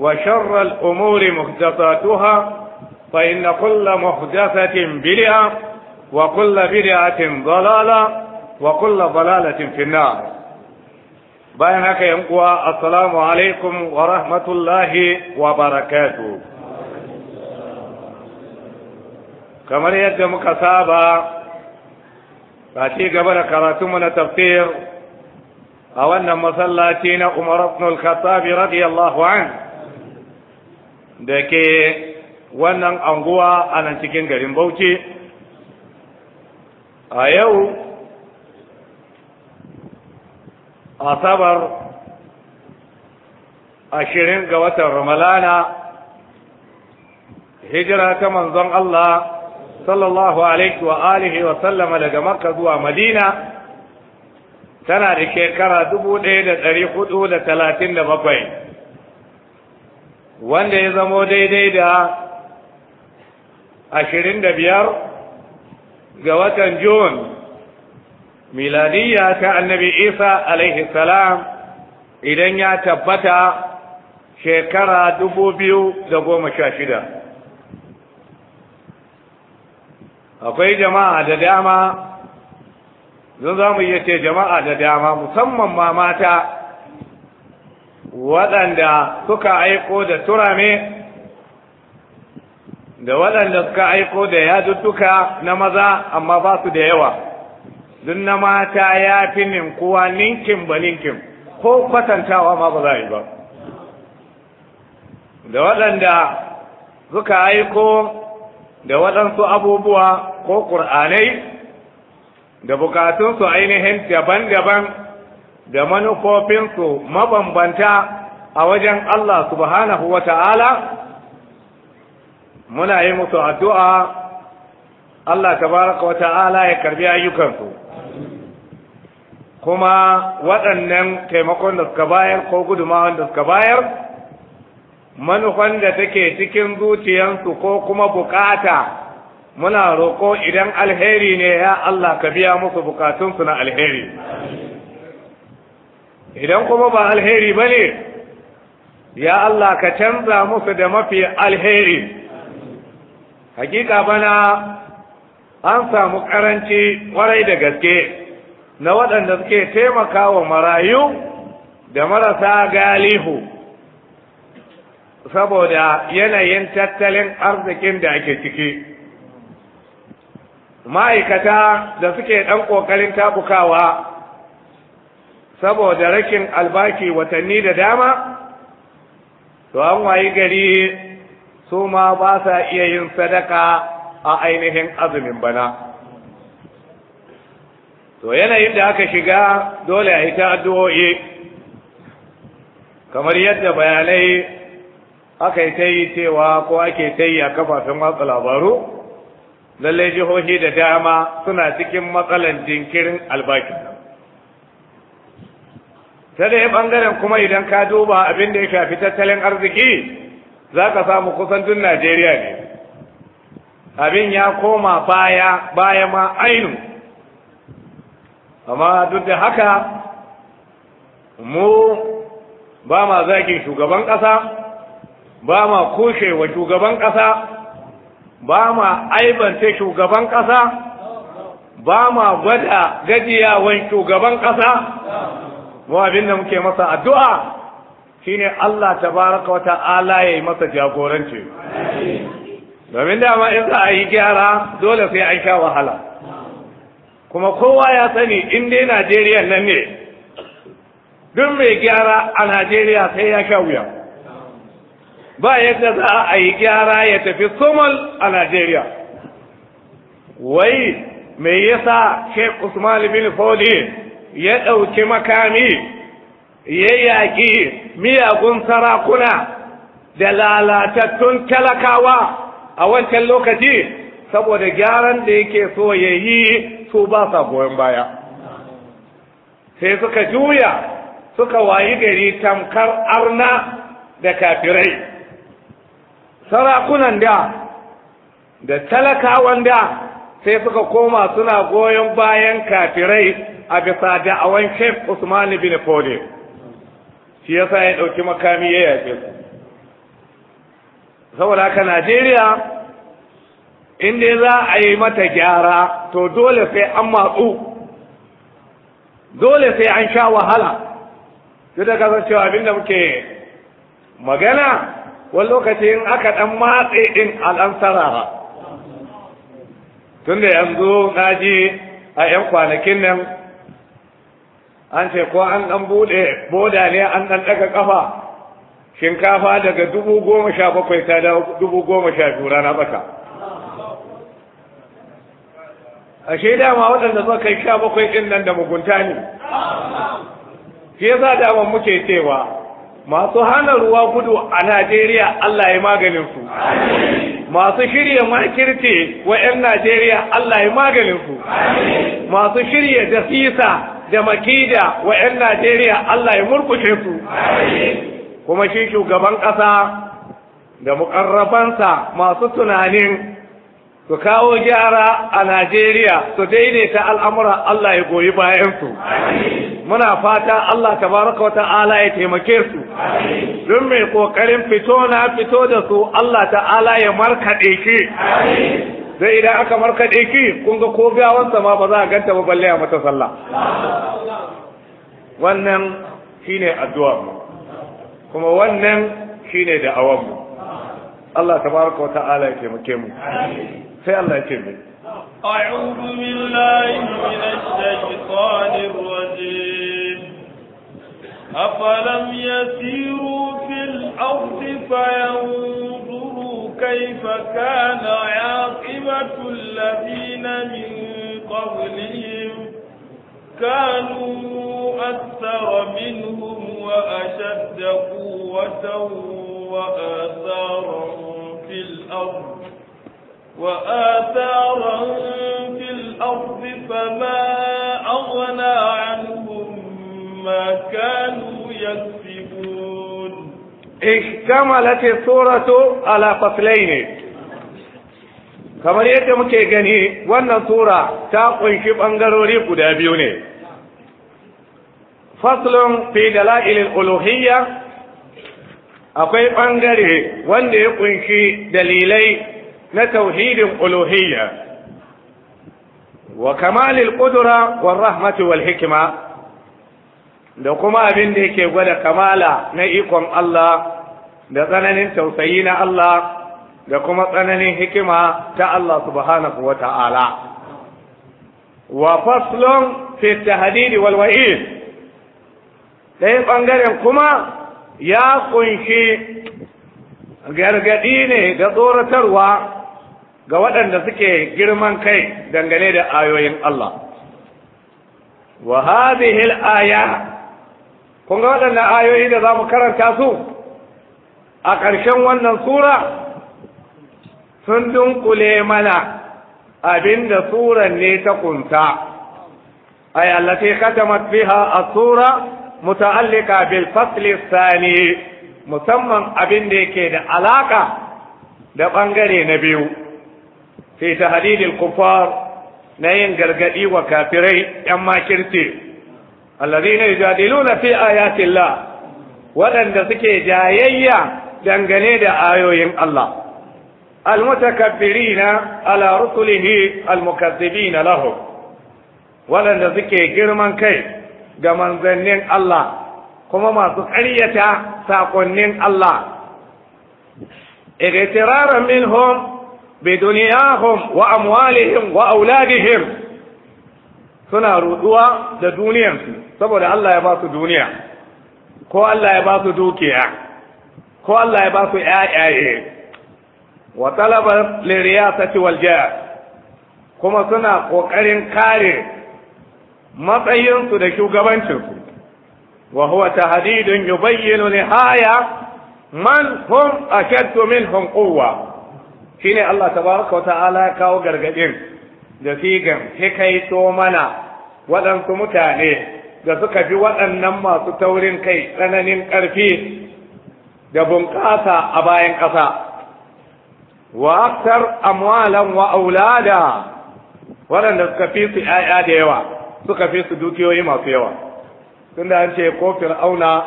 وشر الأمور محدثاتها فإن كل محدثة بدعة وكل بدعة ضلالة وكل ضلالة في النار بين هكا السلام عليكم ورحمة الله وبركاته كما يدمك صعبا فاتي قبل كراتمنا تفسير أو أن مصلاتين أمر بن الخطاب رضي الله عنه da ke wannan anguwa a nan cikin garin bauchi a yau asabar ashirin ga watan ramalana hijira ta manzon Allah sallallahu alaihi wa alihi wa sallama daga makka zuwa madina tana da shekara dubu ɗaya da ɗari hudu da talatin da bakwai wanda ya zamo daidai da ashirin da biyar ga watan jun miladiyya ta annabi isa alaihi salam idan ya tabbata shekara dubu biyu da goma sha shida akwai jama'a da dama Zan za mu iya ce jama'a da dama musamman ma mata waɗanda suka aiko da turame da waɗanda suka aiko da yadudduka na maza amma ba su da yawa duk na mata ya fi ninkuwa ninkin ba ninkin ko kwatantawa ma ba za a yi ba da waɗanda suka aiko da waɗansu abubuwa ko ƙur'anai da bukatunsu ainihin daban-daban da manufofinsu mabambanta a wajen Allah subhanahu wa ta'ala muna yi musu addu'a Allah tabaraka wa ta'ala ya karbi ayyukansu kuma waɗannan taimakon da suka bayar ko gudumawan da suka bayar manufan da take cikin zuciyarsu ko kuma bukata muna roƙo idan alheri ne ya Allah ka biya musu bukatunsu na alheri. idan kuma ba alheri ba ne ya Allah ka canza musu da mafi alheri hakika bana an samu karanci kwarai da gaske na waɗanda suke taimaka wa marayu da marasa galihu saboda yanayin tattalin arzikin da ake ciki ma'aikata da suke ɗan ƙoƙarin tabukawa saboda rakin albaki watanni da dama to an wayi gari su ma ba sa iya yin sadaka a ainihin azumin bana to yanayin da aka shiga dole a yi ta addu'o'i kamar yadda bayanai aka yi ta yi cewa ko ake ta yi a kafafen watsa labaru lallai jihohi da dama suna cikin matsalan jinkirin albakin ta ɗaya ɓangaren kuma idan ka duba abin da ya shafi tattalin arziki za ka samu kusan najeriya ne abin ya koma baya baya ma ainu amma duk da haka mu ba ma zagin shugaban ƙasa ba ma kushewa shugaban ƙasa ba ma aibanta shugaban ƙasa ba ma gwada gajiyawan shugaban ƙasa mu abin da muke masa addu'a shine Allah tabaraka wa ta'ala ya yi masa jagoranci domin dama in za a yi gyara dole sai an sha wahala kuma kowa ya sani in dai Najeriya nan ne duk mai gyara a Najeriya sai ya sha wuya ba yadda za a yi gyara ya tafi somal a Najeriya wai me yasa Sheikh Usman bin Fodin ya ɗauki makami ya yaƙi miyagun sarakuna da lalatattun talakawa a wancan lokaci saboda gyaran da yake so ya yi su ba sa goyon baya sai suka juya suka wayi gari tamkar arna da kafirai sarakunan da da talakawan da sai suka koma suna goyon bayan kafirai a bisa da'awan Sheikh Usman bin Fode shi yasa ya dauki makami ya yaƙe su saboda haka Najeriya inda za a yi mata gyara to dole sai an matsu dole sai an sha wahala duk da kasancewa abinda muke magana wani lokaci in aka dan matse din al'an tun tunda yanzu na ji a 'yan kwanakin nan an ce ko an dan buɗe boda ne an dan ɗaga ƙafa shinkafa daga dubu goma sha bakwai ta da dubu goma sha biyu rana baka a shaida ma waɗanda suka kai sha bakwai ɗin nan da mugunta ne shi yasa dama muke cewa masu hana ruwa gudu a Najeriya Allah ya maganin su masu shirya makirce wa 'yan Najeriya Allah ya maganin su masu shirya dasisa da makida wa 'yan Najeriya Allah ya murkushe su kuma shi shugaban ƙasa da muƙarrabansa masu tunanin su kawo gyara a Najeriya su daidaita al'amura Allah ya goyi bayansu. Muna fata Allah ta tabaraka wa ta'ala ya taimake su, don mai ƙoƙarin fito na fito da su Allah ta'ala ya markaɗe shi. sai idan aka markaɗe ki kun ga ko gawansa ma ba za a ganta ba balle a mata sallah wannan shine addu'ar mu kuma wannan shine da awan mu Allah tabaraka wa ta'ala ya taimake mu sai Allah ya taimake أعوذ بالله من الشيطان الرجيم أفلم يسيروا في الأرض فينظروا كيف كان عاقبة الذين من قبلهم كانوا أكثر منهم وأشد قوة وآثارا في الأرض وآثارا في الأرض فما أغنى عنهم ما كانوا يكفرون ishtamalat suratu ala فصلين kamar yadda muke gani wannan sura ta kunshi bangarori guda biyu ne faslun fi dalailil uluhiyya akwai bangare wanda ya kunshi dalilai na tauhidin uluhiyya wa kamalil qudra war rahmatu wal hikma da kuma abin da yake gwada kamala na ikon Allah da tsananin tausayi na Allah da kuma tsananin hikima ta Allah subhanahu wa ta'ala. Wa faslon fi tahdidi wal wa'id ɗaya ɓangaren kuma ya kunshi gargaɗi ne da tsoratarwa ga waɗanda suke girman kai dangane da ayoyin Allah. Wa hadhihi al-aya kun ga waɗannan ayoyi da za mu karanta su a ƙarshen wannan sura sun dunkule mana abinda suran ne ta kunta ay allati khatamat biha as-sura muta'allika bil fasli thani musamman da yake da alaka da bangare na biyu fi tahdid al na yin gargadi wa kafirai yan makirce allazina yujadiluna fi ayati Allah waɗanda suke jayayya dangane da ayoyin Allah almutakabbirina ala rusulihi na lahu waɗanda suke girman kai ga manzannin Allah kuma masu ƙaryata sakonnin Allah igtiraran minhum بدنياهم وأموالهم وأولادهم suna ruduwa da duniyarsu saboda Allah ya ba su duniya ko Allah ya ba su dukiya ko Allah ya ba su ƴaƴaye wa talaba liriyasati wal kuma suna kokarin kare matsayinsu da shugabancinsu wa huwa tahdidun yubayyinu nihaya man hum ashaddu minhum quwwa shine Allah tabaraka wa ta'ala ya kawo gargadin da sigan hikaito mana waɗansu mutane da suka fi waɗannan masu taurin kai tsananin ƙarfi da bunƙasa a bayan ƙasa wa aktar amwalan wa aulada waɗanda suka fi su ‘ya'ya da yawa suka fi su dukiyoyi masu yawa tunda an ce ko fir'auna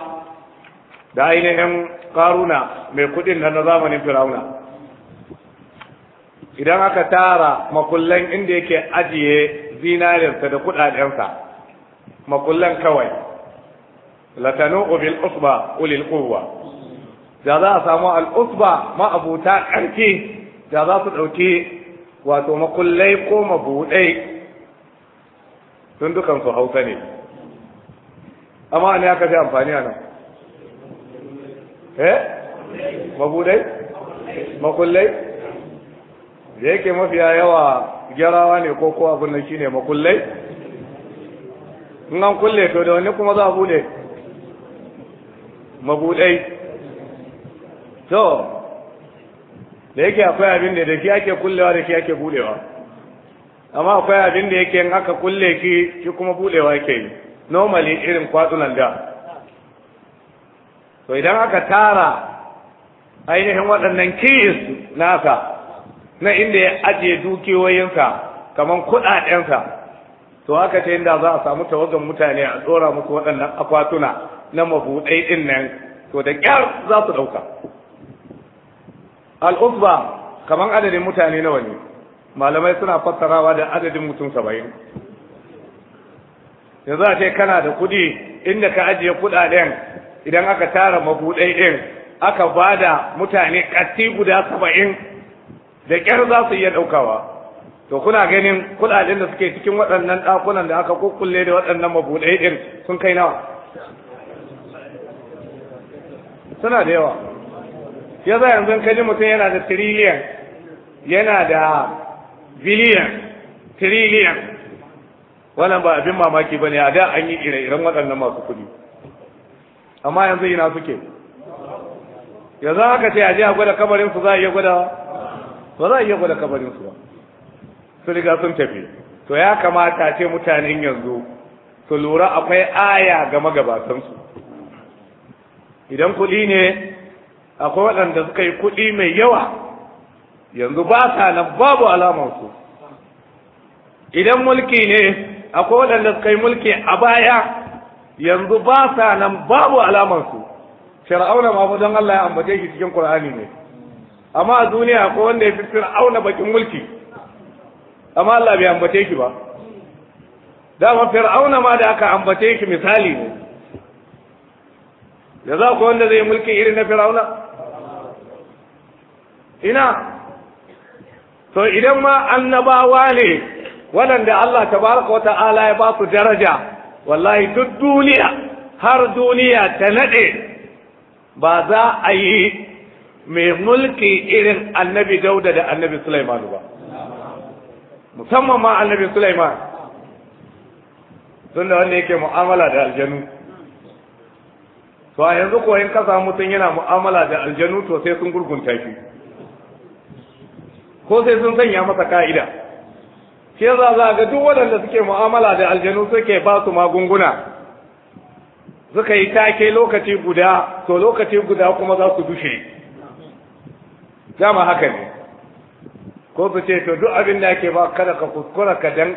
da ainihin karuna mai kuɗin nan na zamanin fir'auna idan aka tara makullan inda yake ajiye zinarinsa da kudadensa makullan kawai latanu bil usba ulil quwwa da za a samu al usba ma abuta karfi da za su dauke wato makullai ko mabudai tun dukan su hausa ne amma ne aka fi amfani a nan eh mabudai makullai da yake mafiya yawa gyarawa ne ko kowa abin nan shine makullai in an kulle to da wani kuma za a bude mabudai to da yake akwai abin da shi ake kullewa da ki ake budewa amma akwai abin da yake in aka kulle ki ki kuma budewa ke yi normally irin kwatsunan da to idan aka tara ainihin waɗannan kiyis nasa na inda ya ajiye dukiyoyinsa kaman kuɗaɗensa to haka ce inda za a samu tawagan mutane a tsora musu waɗannan akwatuna na mabuɗai ɗin nan to da ƙyar za su ɗauka al'uzba kaman adadin mutane nawa ne malamai suna fassarawa da adadin mutum saba'in yanzu a ce kana da kuɗi inda ka ajiye kuɗaɗen idan aka tara mabuɗai ɗin aka ba da mutane ƙasi guda saba'in da ƙyar za su iya ɗaukawa to kuna ganin kuɗaɗen da suke cikin waɗannan ɗakunan da aka kukkulle da waɗannan mabuɗai ɗin sun kai nawa suna da yawa ya za yanzu kaji mutum yana da tiriliyan yana da biliyan tiriliyan wannan ba abin mamaki ba ne a da an yi ire-iren waɗannan masu kuɗi amma yanzu ina suke yanzu haka ce a je a gwada kamarin su za a iya gwada ba za a iya gwada kabarin su ba su riga sun tafi to ya kamata ce mutanen yanzu su lura akwai aya ga magabatansu idan kuɗi ne akwai waɗanda suka yi kuɗi mai yawa yanzu ba sa nan babu alamansu idan mulki ne akwai waɗanda suka yi mulki a baya yanzu ba sa nan babu alamansu shara'auna mafi don Allah ya ambace shi cikin Qur'ani ne amma a duniya ko wanda ya fi fir'auna bakin mulki amma Allah bai ambace shi ba dama fir'auna ma da aka ambace shi misali ne ya za ku wanda zai mulki irin na fir'auna ina to idan ma annabawa ne waɗanda Allah tabaraka wa ta'ala ya ba su daraja wallahi duk duniya har duniya ta naɗe ba za a yi mai mulki irin annabi dauda da annabi Sulaiman ba musamman ma annabi Sulaiman da wanda yake mu'amala da aljanu to a yanzu ko in ka mutum yana mu'amala da aljanu to sai sun gurgunta shi ko sai sun sanya masa ka'ida shi yasa za ga duk waɗanda suke mu'amala da aljanu suke ba su magunguna suka yi take lokaci guda to lokaci guda kuma za su dushe dama haka ne ko su ce to duk abin da ake ba kada ka kuskura ka dan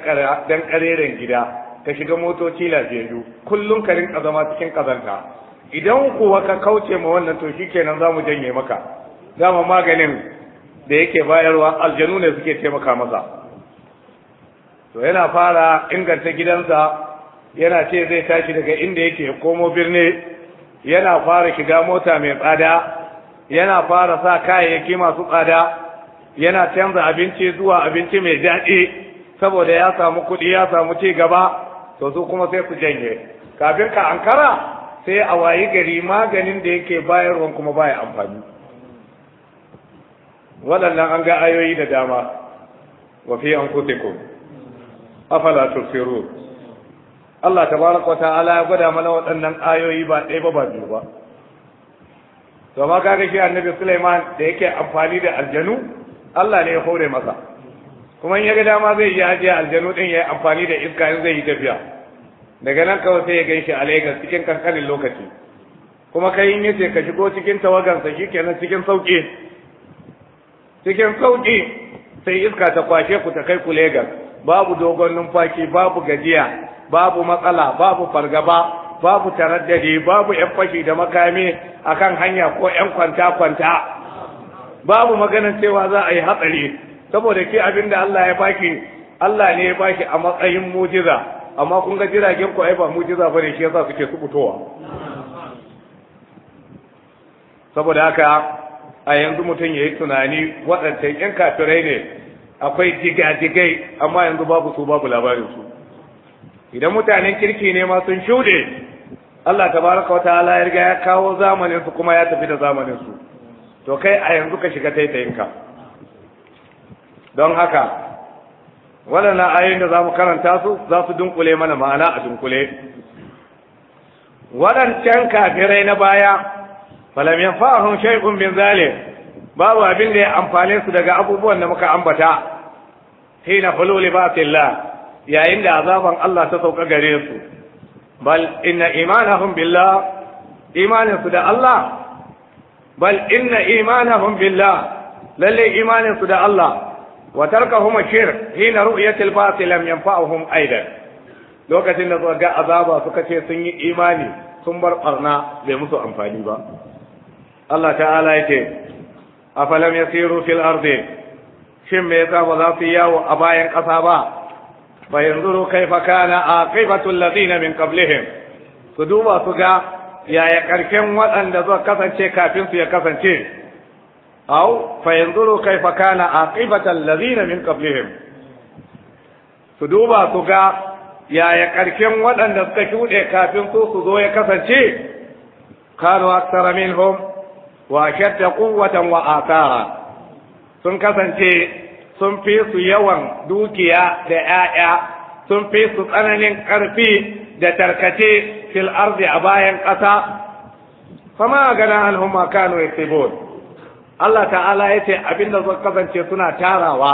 kareren gida ka shiga motoci lafiyayyu kullum ka rinka zama cikin kazanta idan kuwa ka kauce ma wannan to shikenan za mu janye maka dama maganin da yake bayarwa aljanu ne suke taimaka masa to yana fara inganta gidansa yana ce zai tashi daga inda yake komo birni yana fara shiga mota mai tsada yana fara sa kayayyaki masu tsada yana canza abinci zuwa abinci mai daɗi saboda ya samu kuɗi ya samu ci gaba to su kuma sai su janye kafin ka ankara sai a wayi gari maganin da yake bayarwan kuma baya amfani waɗannan an ga ayoyi da dama wa fi ku afala tusirun Allah tabaraka wa ta'ala ya gwada mana waɗannan ayoyi ba ɗaya ba ba biyu ba to amma kaga shi annabi Sulaiman da yake amfani da aljanu Allah ne ya hore masa kuma in ya dama zai yi ajiye aljanu din ya yi amfani da iska in zai yi tafiya daga nan kawai sai ya gan shi a Legas cikin kankanin lokaci kuma kai in yace ka shigo cikin tawagansa kenan cikin sauki cikin sauki sai iska ta kwashe ku ta kai ku Lagos babu dogon numfashi babu gajiya babu matsala babu fargaba babu taraddadi babu yan fashi da makami akan hanya ko yan kwanta kwanta babu maganar cewa za a yi hatsari saboda ke abin da Allah ya baki Allah ne ya baki a matsayin mujiza amma kun ga jiragen ku ai ba mujiza bane shi yasa suke subutowa saboda haka a yanzu mutum ya yi tunani waɗancan 'yan kafirai ne akwai jigajigai amma yanzu babu su babu labarin su idan mutanen kirki ne ma sun shuɗe Allah tabaraka wa ta'ala ya riga ya kawo zamanin su kuma ya tafi da zamanin su to kai a yanzu ka shiga taitayinka don haka waɗannan ayoyin da za mu karanta su za su dunkule mana ma'ana a dunkule waɗancan kafirai na baya falam yanfa'ahum shay'un bin zalim babu abin da ya amfane su daga abubuwan da muka ambata hina hululi batillah yayin da azaban Allah ta sauka gare su bal inna imanahum billah imanin da Allah bal inna imanahum billah lalle imanin da Allah wa tarkahum shirk hina ru'yatil batil lam yanfa'uhum aidan lokacin da suka ga azaba suka ce sun yi imani sun bar barna bai musu amfani ba Allah ta'ala yake afalam yasiru fil ardi shin me yasa ba za su yawo a bayan ƙasa ba fa yanzuru kaifa kana aqibatu alladhina min qablihim su duba su yaya karken waɗanda zuwa kasance kafin su ya kasance aw fa yanzuru kaifa kana aqibatu alladhina min qablihim su duba su yaya karken waɗanda suka shuɗe kafin su su zo ya kasance kanu aksara minhum wa ashadda wa sun kasance sun fi su yawan dukiya da 'ya'ya sun fi su tsananin ƙarfi da tarkace fil arzi a bayan ƙasa Sama gana alhumma kanu yasibun Allah ta'ala ya ce abinda zan kasance suna tarawa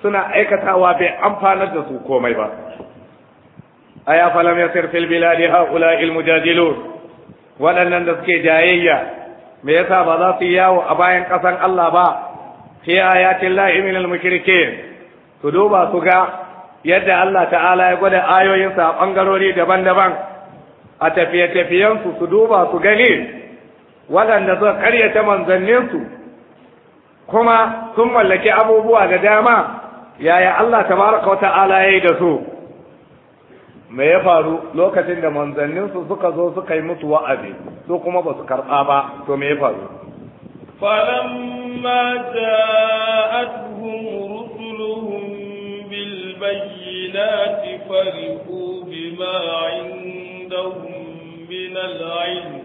suna aikatawa bai amfanar da su komai ba aya falam yasir fil biladi haula ilmu mujadilun waɗannan da suke jayayya me yasa ba za su yawo a bayan ƙasan Allah ba fi ayatin lahi min al su duba su ga yadda Allah ta'ala ya gwada ayoyinsa a ɓangarori daban-daban a tafiye-tafiyensu su duba su gani waɗanda suka karyata manzanninsu kuma sun mallaki abubuwa da dama yaya Allah tabaraka ta'ala ya yi da su me ya faru lokacin da manzanninsu suka zo suka yi musu wa'azi su kuma ba su karɓa ba to me ya faru فلما جاءتهم رسلهم بالبينات فرحوا بما عندهم من العلم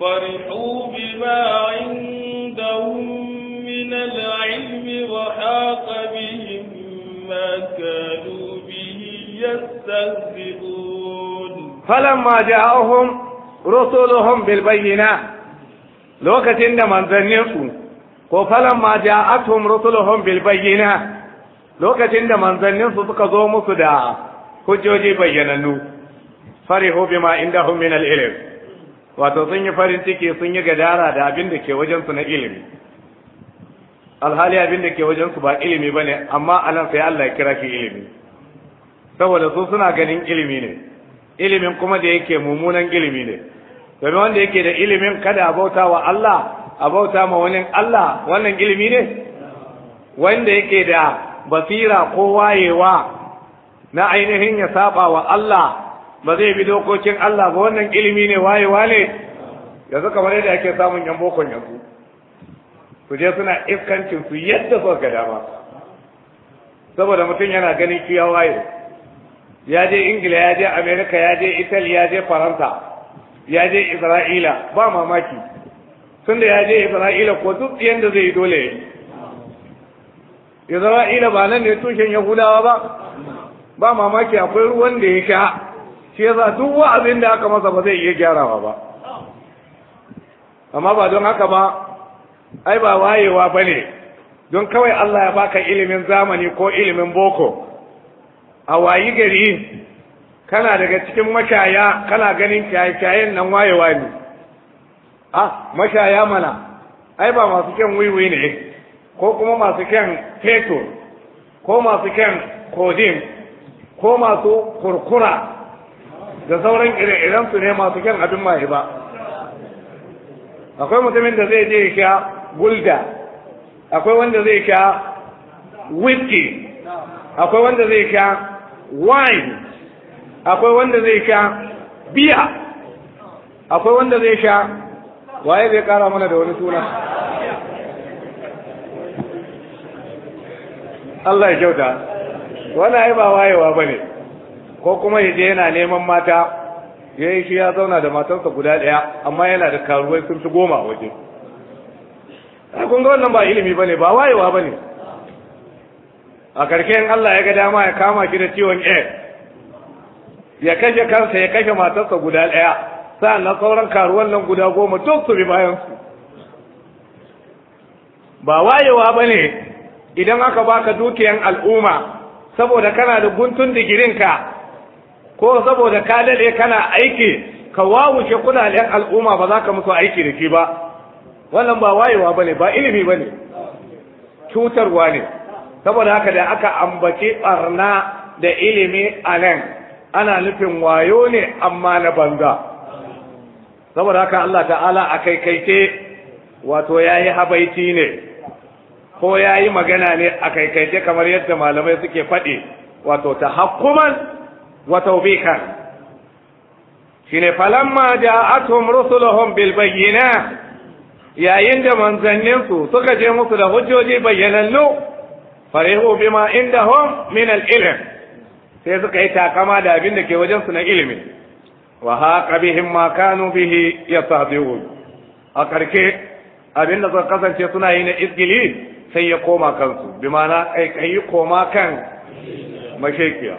فرحوا بما عندهم من العلم وحاق بهم ما كانوا به يستهزئون فلما جاءهم رسلهم بالبينات lokacin da manzanninsu ko falan ma ja'atuhum rusuluhum bil bayyina lokacin da manzanninsu suka zo musu da hujjoji bayyananu farihu bima indahum min al ilm wato sun yi farin ciki sun yi gadara da abin da ke wajen su na ilimi alhali abin da ke wajen su ba ilimi bane amma anan sai Allah ya kira shi ilimi saboda su suna ganin ilimi ne ilimin kuma da yake mummunan ilimi ne domin wanda yake da ilimin kada a bauta wa Allah a bauta ma wani Allah wannan ilimi ne wanda yake da basira ko wayewa na ainihin ya saba wa Allah ba zai bi dokokin Allah ba wannan ilimi ne wayewa ne yanzu kamar yadda ake samun yan bokon yanzu su je suna iskancin su yadda suka ga dama saboda mutum yana ganin kiyawaye ya je ingila ya je amerika ya je italy ya je faransa ya je isra'ila ba mamaki tunda ya je isra'ila ko duk yadda zai dole ya yi isra'ila ba nan ne tushen yahudawa ba ba mamaki akwai ruwan da ya sha shi yasa duk abin da aka masa ba zai iya gyarawa ba amma ba don haka ba ai ba wayewa ba ne don kawai Allah ya baka ilimin zamani ko ilimin boko a wayi gari kana daga cikin mashaya kana ganin kyakkyayen nan wayewa ne a ah, mashaya mana ai ba masu kyan wiwi ne ko kuma masu kyan fetur ko masu kyan kodin ko masu kurkura da sauran ire su ne masu kyan abin maye ba akwai mutumin da zai je sha gulda akwai wanda zai kya whiskey akwai wanda zai sha wine akwai wanda zai sha biya akwai wanda zai sha waye zai kara mana da wani suna Allah ya kyauta wani ai ba wayewa ba ne ko kuma yaje yana neman mata ya yi shi ya zauna da matarsa guda ɗaya amma yana da karuwai sun fi goma waje kun ga wannan ba ilimi ba ne ba wayewa ba ne a karshen Allah ya ga dama ya kama shi da ciwon AIDS ya kashe kansa ya kashe matarsa guda ɗaya sa'annan sauran karuwan nan guda goma duk su bi bayan ba wayewa ba ne idan aka baka dukiyan al'umma saboda kana da guntun digirinka ko saboda ka daɗe kana aiki ka wawuce kudaden al'umma ba za ka musu aiki da shi ba wannan ba wayewa ba ne ba ilimi ba ne cutarwa ne saboda haka da aka ambaci ɓarna da ilimi a nan ana nufin wayo ne amma na banza saboda haka Allah ta'ala a kaikaice wato ya yi habaiti ne ko ya yi magana ne a kaikaice kamar yadda malamai suke faɗi wato ta hakuman wa taubikan shine falamma da rusuluhum bil bayyinat yayin da manzanninsu suka je musu da hujjoji bayyanannu farihu bima indahum min al ilm sai suka yi takama da abin da ke wajen su na ilimi wa haqa bihim ma kanu bihi yastahzi'un a karke abin da suka kasance suna yi na izgili sai ya koma kansu bi mana kaikayi koma kan mashekiya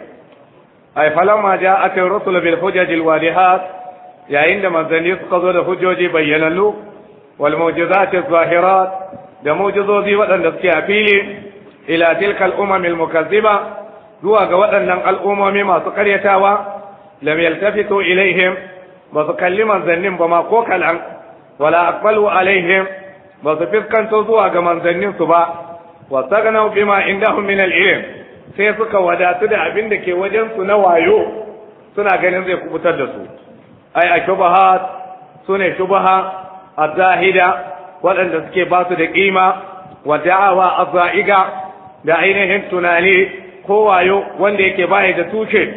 ai falamma ja'at ar-rusul bil hujaj al wadihat yayin da manzanni suka zo da hujjoji bayyanannu wal mu'jizat az-zahirat da mu'jizozi waɗanda suke a fili ila tilka al-umam al-mukazziba zuwa ga waɗannan al'ummomi masu karyatawa lam yaltafitu ilaihim ba su kalli manzannin ba ma ko kalan wala aqbalu alaihim ba su fiskanto zuwa ga manzannin su ba wa sagnau bima indahum min al-ilm sai suka wadatu da abin da ke wajen su na wayo suna ganin zai kubutar da su ai a shubahat sune shubaha azahida waɗanda suke ba su da kima wa da'awa aza'iga da ainihin tunani ko wayo wanda yake baya da tushe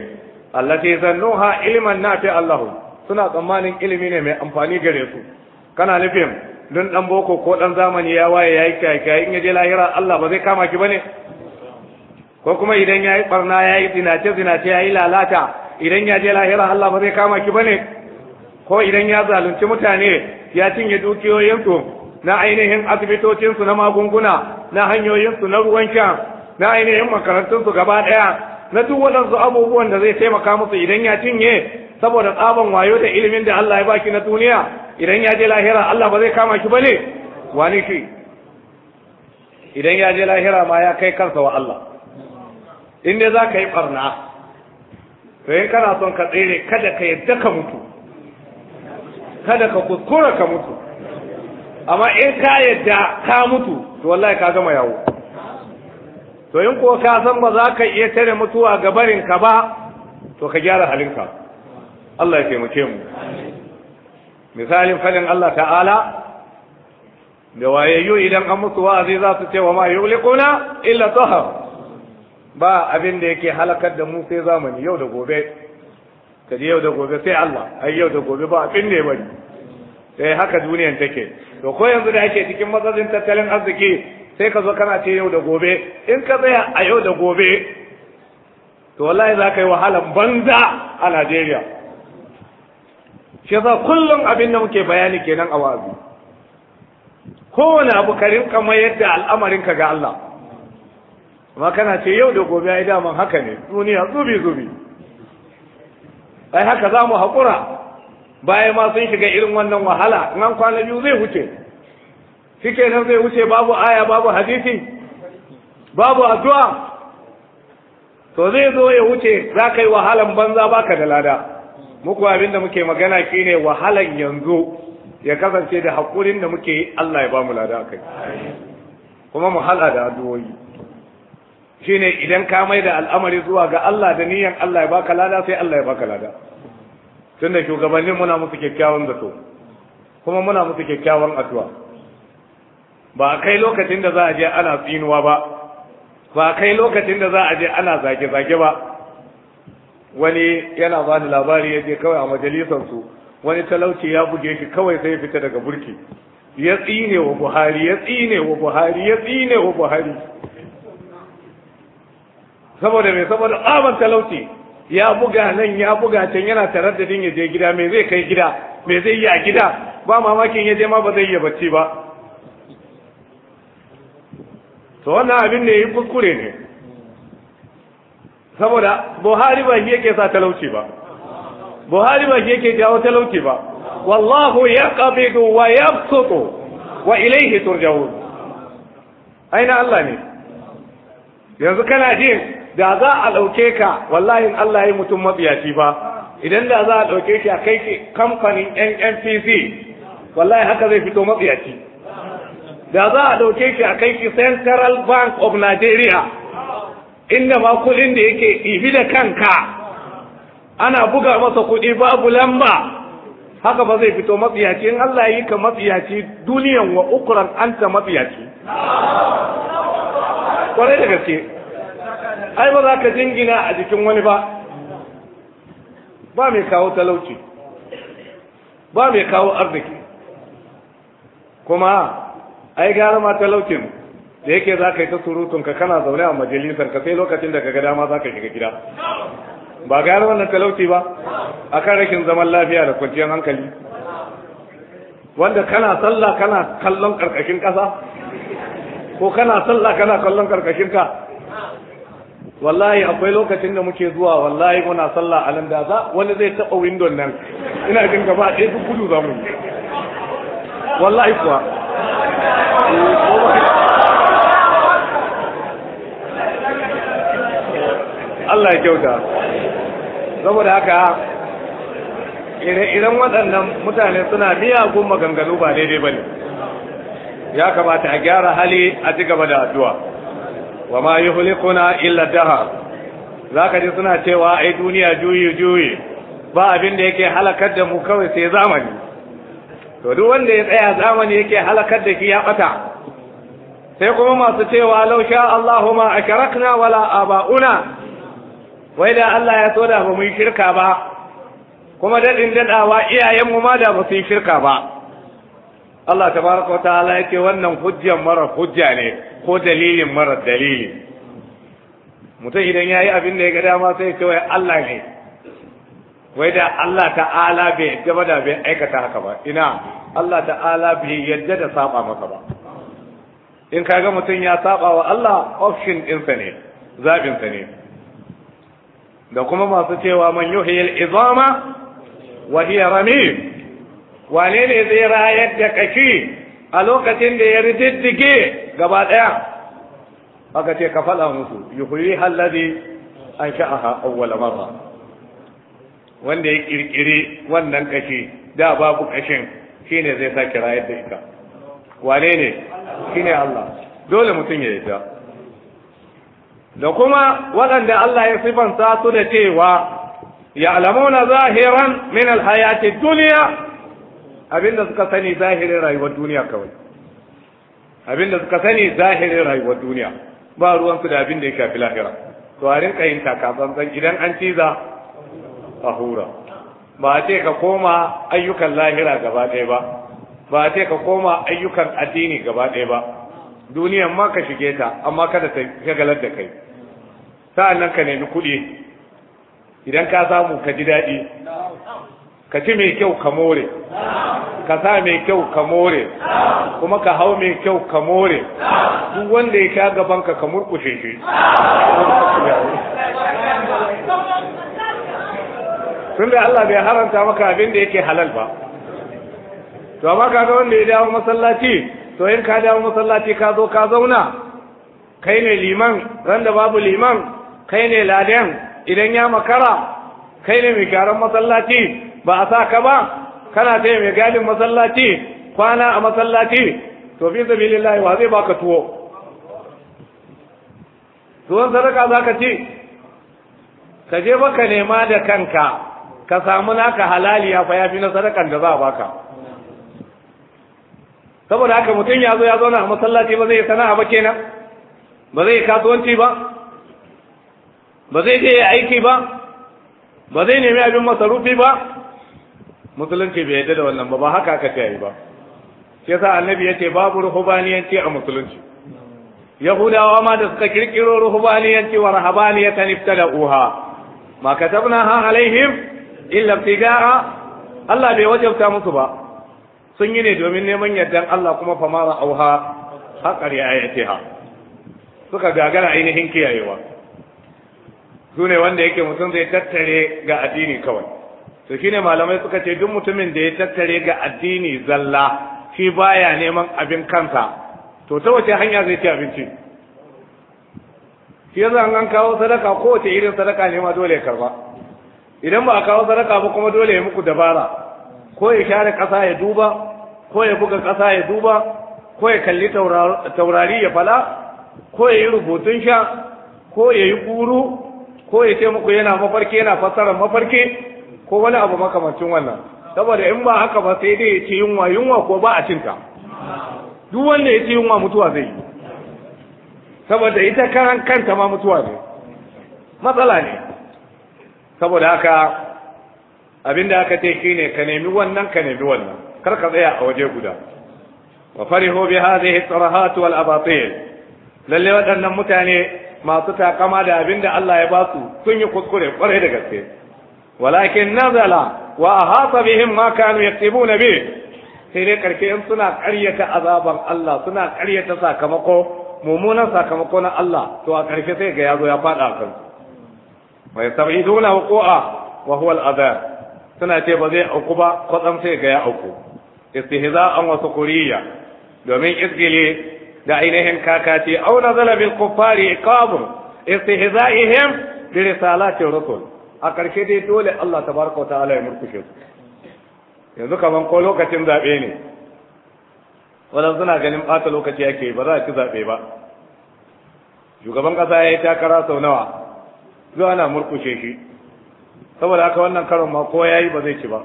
allati zannuha ilman nafi Allahu suna tsammanin ilimi ne mai amfani gare su kana nufin don dan boko ko dan zamani ya waye yayi kai in yaje lahira Allah ba zai kama ki bane ko kuma idan yayi barna yayi zinace zinace yayi lalata idan ya je lahira Allah ba zai kama ki bane ko idan ya zalunci mutane ya cinye dukiyoyinsu na ainihin asibitocinsu na magunguna na hanyoyinsu na ruwan sha na ainihin makarantunsu gaba ɗaya na duk waɗansu abubuwan da zai taimaka musu idan ya cinye saboda tsaban wayo da ilimin da Allah ya baki na duniya idan ya je lahira Allah ba zai kama shi ba ne wani shi idan ya je lahira ma ya kai kansa wa Allah in dai za ka yi ɓarna to in kana son ka tsere kada ka yadda ka mutu kada ka kuskura ka mutu amma in ka yadda ka mutu to wallahi ka gama yawo to in ko ka san ba za ka iya tare mutuwa ga barinka ba to ka gyara halinka Allah ya taimake mu misalin falin Allah ta'ala da wayayyu idan an mutu wa'azi za su ce wa ma illa tahar ba abin da yake halakar da mu sai zamani yau da gobe ka yau da gobe sai Allah ai yau da gobe ba abin da ya sai haka duniyan take to ko yanzu da ake cikin matsalolin tattalin arziki sai ka zo kana ce yau da gobe in ka tsaya a yau da gobe to wallahi za ka yi wahalan banza a Najeriya shi za kullum abin da muke bayani kenan a wa'azi kowane abu ka rinka mayar da al'amarinka ga Allah amma kana ce yau da gobe ai daman haka ne duniya zubi zubi ai haka za mu haƙura bayan ma sun shiga irin wannan wahala nan kwana biyu zai huce shike nan zai wuce babu aya babu hadisi babu addu'a to zai zo ya wuce za ka yi wahalan banza baka da lada muku abin da muke magana shine wahalan yanzu ya kasance da haƙurin da muke yi Allah ya ba mu lada kai kuma mu hala da addu'o'i shine idan ka mai da al'amari zuwa ga Allah da niyan Allah ya baka lada sai Allah ya baka lada tunda shugabannin muna musu kyakkyawan zato kuma muna musu kyakkyawan addu'a ba kai lokacin da za a je ana tsinuwa ba ba kai lokacin da za a je ana zage-zage ba wani yana ba ni labari ya je kawai a majalisarsu wani talauci ya buge shi kawai sai fita daga burki ya tsine wa buhari ya tsine wa buhari ya tsine wa buhari saboda mai saboda tsaban talauci ya buga nan ya buga can yana tarar da din ya je gida me zai kai gida me zai yi a gida ba mamakin ya je ma ba zai yi bacci ba to wannan abin ne yi kuskure ne saboda buhari ba shi yake sa talauci ba buhari ba shi yake jawo talauci ba wallahu yaqbidu wa yabsutu wa ilaihi turja'un aina Allah ne yanzu kana jin da za a ɗauke ka wallahi Allah ya mutum matsiyaci ba idan da za a ɗauke shi a kai kamfanin NNPC wallahi haka zai fito matsiyaci da za a ɗauke shi a kai shi central bank of nigeria inda ma kuɗin da yake ibi da kanka ana buga masa kuɗi babu lamba haka ba zai fito matsiyaci in allah yi ka matsiyaci duniyan wa ukuran an ta matsiyaci kwarai da gaske ai ba za ka jingina a jikin wani ba ba mai kawo talauci ba mai kawo arziki kuma ai gara ma talaucin da yake za ka yi ta surutun ka kana zaune a majalisar ka sai lokacin da ka ga dama za ka shiga gida ba gara wannan talauci ba a kan rashin zaman lafiya da kwanciyar hankali wanda kana sallah kana kallon karkashin kasa ko kana sallah kana kallon karkashin ka wallahi akwai lokacin da muke zuwa wallahi muna sallah a nan da za wani zai taɓa windon nan ina jin gaba ɗaya duk gudu za mu wallahi kuwa Allah ya kyauta saboda haka ire waɗannan mutane suna miyagun maganganu ba daidai ba ne ya kamata a gyara hali a ci gaba da addu'a wa ma yi hulikuna illa daha za ka ji suna cewa ai duniya juyi juyi ba abin da yake halakar da mu kawai sai zamani to duk wanda ya tsaya zamani yake halakar da shi ya bata sai kuma masu cewa law sha Allahu ma akrakna wala abauna wai da Allah ya so da ba mu yi shirka ba kuma dadin dadawa iyayenmu ma da ba su shirka ba Allah tabaraka wa ta'ala yake wannan hujjan mara hujja ne ko dalilin mara dalili mutum idan ya yi abin da ya ga dama sai ya ce wai Allah ne wai da Allah ta'ala bai yadda ba da bai aikata haka ba ina Allah ta'ala bai yadda da saba masa ba in kaga mutum ya saba wa Allah option ɗinsa ne zaɓinsa ne da kuma masu cewa man yuhil izama wa hiya ramim wane ne zai rayar da kashi a lokacin da ya rididdige gaba ɗaya aka ce ka faɗa musu yuhyi allazi an sha'aha awwala marra wanda ya kirkiri wannan kashi da babu kashin shine zai sa rayar da ita wane ne shine Allah dole mutum ya yarda da kuma waɗanda Allah ya sifanta su da cewa ya'lamuna zahiran min alhayati dunya abinda suka sani zahirin rayuwar duniya kawai abinda suka sani zahirin rayuwar duniya ba ruwansu da abin da ya shafi lahira to a rinka yin takatsantsan idan an ciza tahura ba a ce ka koma ayyukan lahira gaba ɗaya ba ba ce ka koma ayyukan addini gaba ɗaya ba duniyan ma ka shige ta amma kada ta shagalar da kai sa'an nan ka nemi kuɗi idan ka samu ka ji daɗi ka ci mai kyau ka more ka sa mai kyau ka more kuma ka hau mai kyau ka more duk wanda ya sha gabanka ka ka shi da Allah bai haranta maka abin da yake halal ba to amma kaga wanda ya dawo masallaci to in ka dawo masallaci ka zo ka zauna kai ne liman ran da babu liman kai ne laden. idan ya makara kai ne mai gyaran masallaci ba a sa ka ba kana taya mai gadin masallaci kwana a masallaci to fi sabilillahi wa zai baka tuwo tuwon sadaka zaka ci ka je baka nema da kanka ka samu naka halaliya fa yafi na sadakan da za a baka saboda haka mutum ya zo ya zauna a masallaci ba zai sana'a ba kenan ba zai kasuwanci ba ba zai je aiki ba ba zai nemi abin masarufi ba musulunci bai yadda da wannan ba ba haka aka ce ba shi yasa annabi yace babu ruhubaniyanci a musulunci yahudawa ma da suka kirkiro ruhubaniyanci wa rahabaniyatan ibtada'uha ma ha alaihim illa tigaa Allah bai wajabta musu ba sun yi ne domin neman yardan Allah kuma fa mara auha haƙar ya ayatiha suka gagara ainihin kiyayewa su ne wanda yake mutum zai tattare ga addini kawai to shine malamai suka ce duk mutumin da ya tattare ga addini zalla shi baya neman abin kansa to ta wace hanya zai ci abinci shi yasa an kawo sadaka kowace irin sadaka ne ma dole ya karba idan ba a kawo sadaka ba kuma dole ya muku dabara ko ya share kasa ya duba ko ya buga kasa ya duba ko ya kalli taurari ya fala ko ya yi rubutun sha ko ya yi ƙuru ko ya ce muku yana mafarki yana fassarar mafarki ko wani abu makamancin wannan saboda in ba haka ba sai dai ya ce yunwa yunwa ko ba a cinta duk wanda ya ce yunwa mutuwa zai yi saboda ita karan kanta ma mutuwa ne matsala ne saboda haka abinda aka ce shine ka nemi wannan ka nemi wannan kar ka tsaya a waje guda wa farihu bi hadhihi tarahat wal abatil lalle waɗannan mutane masu takama da abinda Allah ya ba su sun yi kuskure kwarai da gaske walakin nazala wa ahata bihim ma kanu yaktibuna bi sai dai karke in suna ƙaryata azaban Allah suna ƙaryata sakamako mummunan sakamako na Allah to a karke sai ga yazo ya fada kansu wa yastabiduna wuqu'a wa huwa al-adab suna ce ba zai auku ba kwatsam sai ga ya auku istihza'an wasu sukuriya domin izgili da ainihin kakati aw nazala bil kuffari iqabun istihza'ihim bi risalati rusul a ƙarshe dai dole Allah tabaraka wa ta'ala ya murkushe yanzu kaman ko lokacin zaɓe ne wadansu suna ganin ɓata lokaci ake ba za a ci zaɓe ba shugaban ƙasa ya yi takara sau nawa zuwa ana murkushe shi saboda haka wannan karon ma ko yayi ba zai ci ba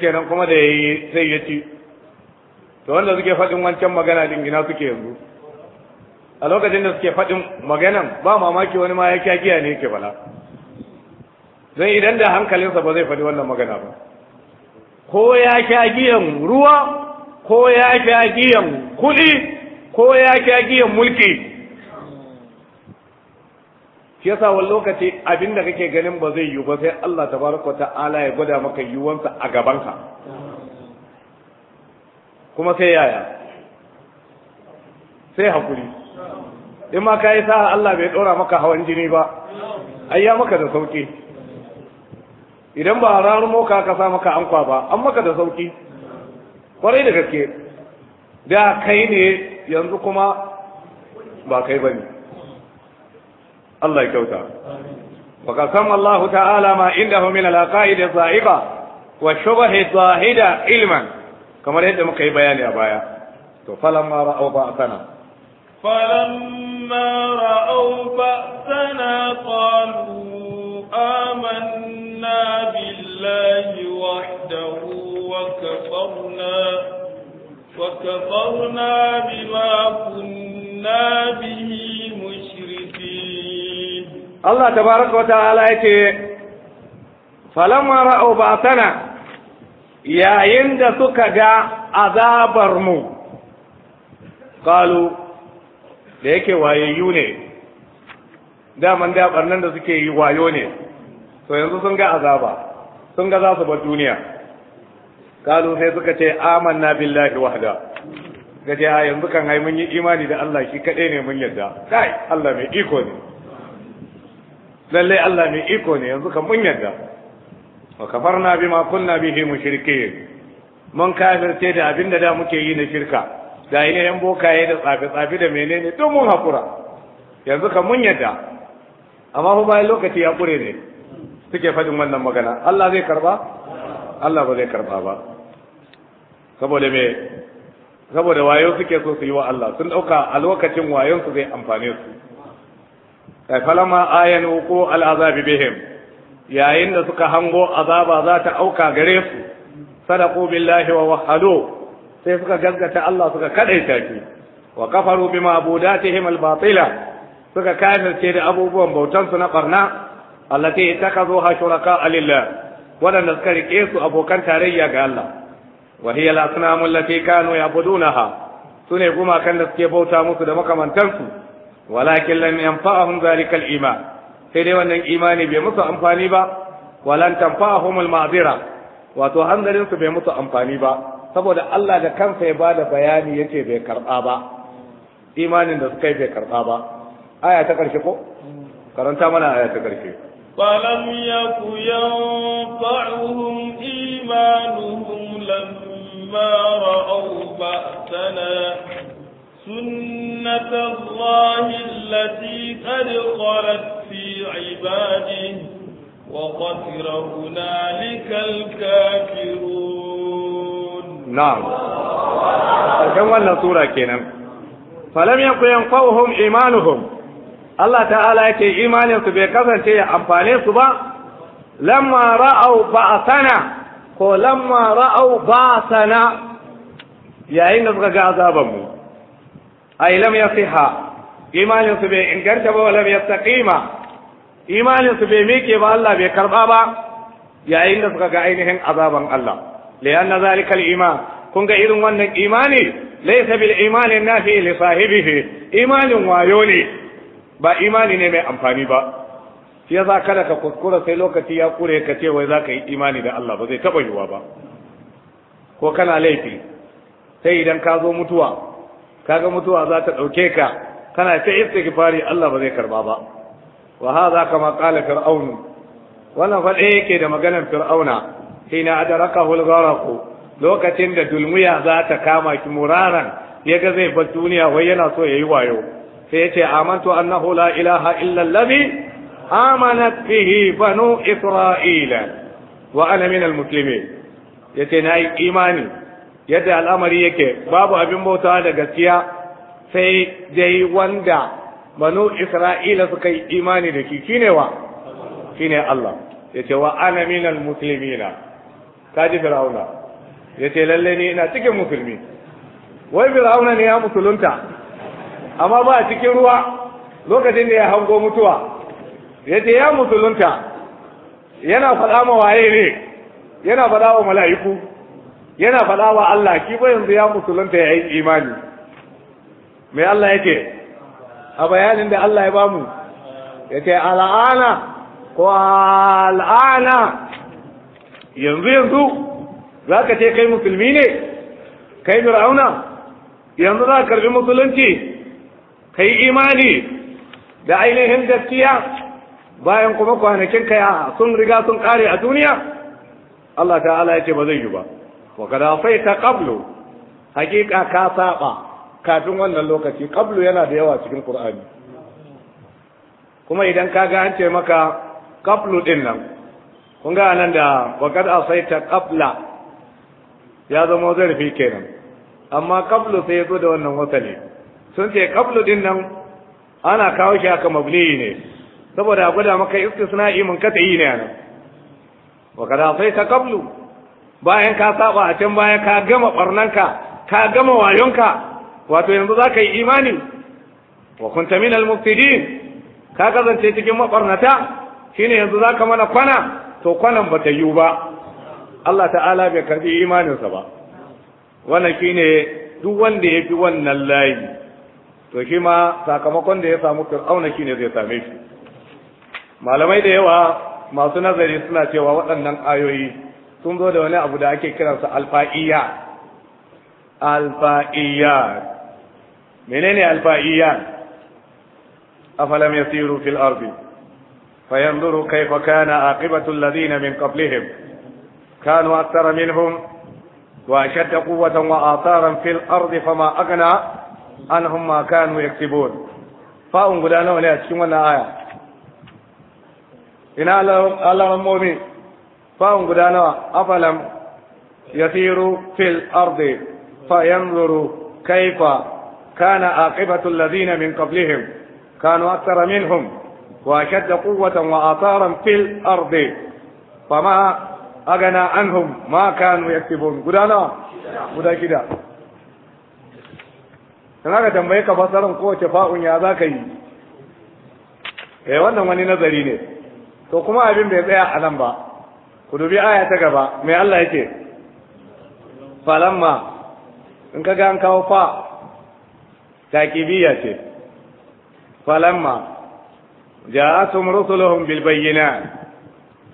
kenan kuma da yayi sai ya ci to wanda suke faɗin wancan magana gina suke yanzu a lokacin da suke faɗin maganan ba mamaki wani ma ya giya ne yake bala don idan da hankalinsa ba zai faɗi wannan magana ba ko ya giyan ruwa ko ya kyakiyan kuɗi ko ya giyan mulki shi yasa wani lokaci abin da kake ganin ba zai yiwu ba sai Allah tabaraka ta'ala ya gwada maka yiwuwansa a gabanka kuma sai yaya sai hakuri in ma ka yi sa'a Allah bai ɗora maka hawan jini ba ai ya maka da sauki idan ba rarumo ka ka sa maka ankwa ba an maka da sauki kwarai da gaske da kai ne yanzu kuma ba kai bane Allah ya kyauta wa san Allah ta'ala ma inda min al-aqaid az-za'iba wa shubah zahida ilman kamar yadda muka yi bayani a baya to falamma ra'aw ba'sana falamma ra'aw ba'sana qalu آمنا بالله وحده وكفرنا وكفرنا بما كنا به Allah tabaraka wa ta'ala yace falamma ra'u ba'tana yayin da suka ga azabar mu qalu da yake wayayyu ne daman da barnan da suke yi wayo ne to yanzu sun ga azaba sun ga za su bar duniya qalu sai suka ce amanna billahi wahda gaje a yanzu kan ai mun yi imani da Allah shi kadai ne mun yarda kai Allah mai iko ne lalle Allah mai iko ne yanzu kan mun yarda wa kafarna bima kunna bihi mushrikeen mun kafirce da abinda da muke yi na shirka da yan bokaye da tsafi tsafi da menene duk mun hakura yanzu kan mun yarda amma fa bayan lokaci ya kure ne suke fadin wannan magana Allah zai karba Allah ba zai karba ba saboda me saboda wayo suke so su yi wa Allah sun dauka a lokacin wayon su zai amfane su Eh, falama ayanu ko al'azabi bihim yayin da suka hango azaba za ta auka gare su sadaqu billahi wa wahalo sai suka gaskata Allah suka kadaita shi wa kafaru bima abudatihim al-batila suka kafirce da abubuwan bautan su na barna takazo itakazuha shuraka lillah wadanda suka rike su abokan tarayya ga Allah wa hiya al-asnamu allati kanu ya'budunaha sune gumakan da suke bauta musu da makamantansu walakin lam yanfa'ahum zalika al-iman sai dai wannan imani bai musu amfani ba walan tanfa'ahum al-ma'dira wato hanzarin su bai musu amfani ba saboda Allah da kansa ya bada bayani yace bai karba ba imanin da suka yi bai karba ba aya ta karshe ko karanta mana aya ta karshe falam yaku yanfa'uhum imanuhum lamma ra'aw ba'sana سنة الله التي قد خلت في عباده وخسر هنالك الكافرون نعم كم wannan sura kenan falam yanku yanfa'uhum imanuhum Allah ta'ala yake imanin su bai kasance ya amfane su ba lamma ra'au ba'sana ko lamma ra'au ba'sana yayin da suka ga azaban mu ai lam yasiha imanin su bai inganta ba walam yastaqima imanin su bai mike ba Allah bai karba ba yayin da suka ga ainihin azaban Allah lianna zalika al-iman kun ga irin wannan imani laysa bil imani nafi li sahibihi imanin wayo ne ba imani ne mai amfani ba shi yasa kada ka kuskura sai lokaci ya kure ka ce wai zaka yi imani da Allah ba zai taba yuwa ba ko kana laifi sai idan ka zo mutuwa kaga mutuwa za ta ɗauke ka kana ta istighfari Allah ba zai karba ba wa hadha kama qala fir'aun wannan fa ɗaya yake da maganar fir'auna hina adrakahu al-gharq lokacin da dulmiya za ta kama ki muraran yaga zai bar duniya wai yana so yayi wayo sai yace amantu annahu la ilaha illa allazi amanat bihi banu isra'ila wa ana min al-muslimin yace na yi imani yadda al'amari yake babu abin bautawa da gaskiya sai dai wanda banu isra'ila suka yi imani da shi shine wa shine Allah ce wa ana minal muslimina kaji fir'auna Ya ce lalle ni ina cikin musulmi wai fir'auna ne ya musulunta amma ba a cikin ruwa lokacin da ya hango mutuwa Ya ce ya musulunta yana faɗa ma waye ne yana faɗa wa mala'iku yana faɗa wa Allah ki ba yanzu ya musulunta ya yi imani mai Allah yake a bayanin da Allah ya bamu ya ce al'ana ko al'ana yanzu yanzu za ka ce kai musulmi ne kai fir'auna yanzu za ka karbi musulunci kai imani da ainihin gaskiya bayan kuma kwanakin kaya sun riga sun kare a duniya Allah ta'ala ya ce ba zai yi ba wa kad asaita qablu hakika ka saba kafin wannan lokaci qablu yana da yawa cikin qur'ani kuma idan ka ga an ce maka qablu din nan kun ga nan da wa kad asaita qabla ya zama zarfi kenan amma qablu sai yazo da wannan wasali sun ce qablu din nan ana kawo shi aka mabni ne saboda a gwada maka istisna'i mun kata yi ne nan wa kad asaita qablu bayan ka saba a can baya ka gama barnanka ka gama wayonka wato yanzu za ka yi imani wa kunta min al muftidin ka kazance cikin mabarnata shine yanzu za ka mana kwana to kwanan ba ta yiwu ba Allah ta'ala bai karbi imaninsa ba wannan shine duk wanda ya fi wannan layi to shi ma sakamakon da ya samu fir'auna shine zai same shi malamai da yawa masu nazari suna cewa waɗannan ayoyi sun zo da wani abu da ake kiransa alfa'iyya alfa'iyya menene alfa'iyya afalam yasiru fil ardi fayanzuru kayfa kana aqibatu alladhina min qablihim kanu akthara minhum wa ashadda quwwatan wa atharan fil ardi fama aghna anhum ma kanu yaktibun fa'un guda nawa ne a cikin wannan aya ina Allah Allah mu'min fa'un guda nawa afalam yasiru fil ardi fayanzuru kaifa kana aqibatu alladhina min qablihim kanu akthara minhum wa ashadda quwwatan wa atharan fil ardi fama agana anhum ma kanu yaktubun guda nawa guda kida dan aka tambaye ka fasaran kowace fa'un ya za ka yi eh wannan wani nazari ne to kuma abin bai tsaya a nan ba ku dubi aya ta gaba mai Allah yake falamma in ka ga an kawo fa takibiya ce falamma ja'atum rusuluhum bil bayyinat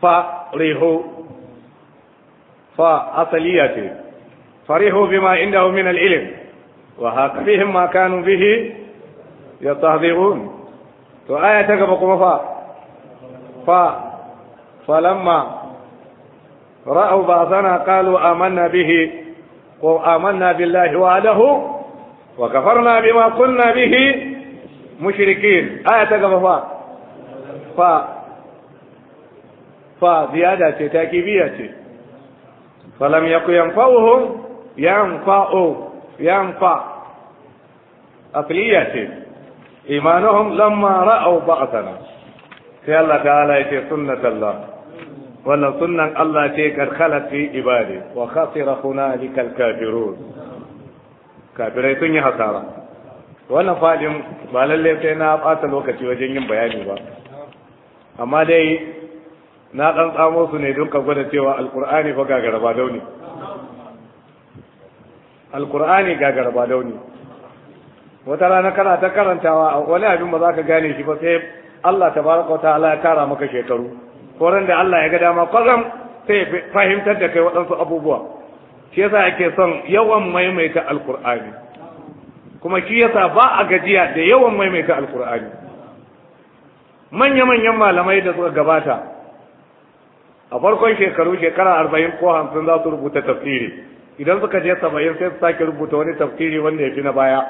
fa rihu fa asaliya ce farihu bima indahu min al ilm wa haka fihim ma kanu bihi yastahzi'un to aya ta gaba kuma fa fa falamma رأوا بعضنا قالوا آمنا به وآمنا بالله وعده وكفرنا بما كنا به مشركين آية تقف فا فا زيادة تأكيدية فلم يكن ينفعهم ينفع ينفع أقلية إيمانهم لما رأوا بعثنا في الله تعالى سنة الله wannan sunnan Allah ce kad fi ibadi wa khasira hunalika al-kafirun kafirai sun yi hasara wannan fadin ba lalle sai na bata lokaci wajen yin bayani ba amma dai na dan tsamo su ne don ka gwada cewa alqur'ani fa gagara ba dauni alqur'ani gagara ba dauni wata rana kana ta karantawa wani abin ba za ka gane shi ba sai Allah tabaraka wa ta'ala ya kara maka shekaru ko da Allah ya ga dama kwazam sai fahimtar da kai waɗansu abubuwa shi yasa ake son yawan maimaita alkur'ani kuma shi yasa ba a gajiya da yawan maimaita alkur'ani manya-manyan malamai da suka gabata a farkon shekaru shekara arba'in ko hamsin za su rubuta tafsiri idan suka je saba'in sai su sake rubuta wani tafsiri wanda ya fi na baya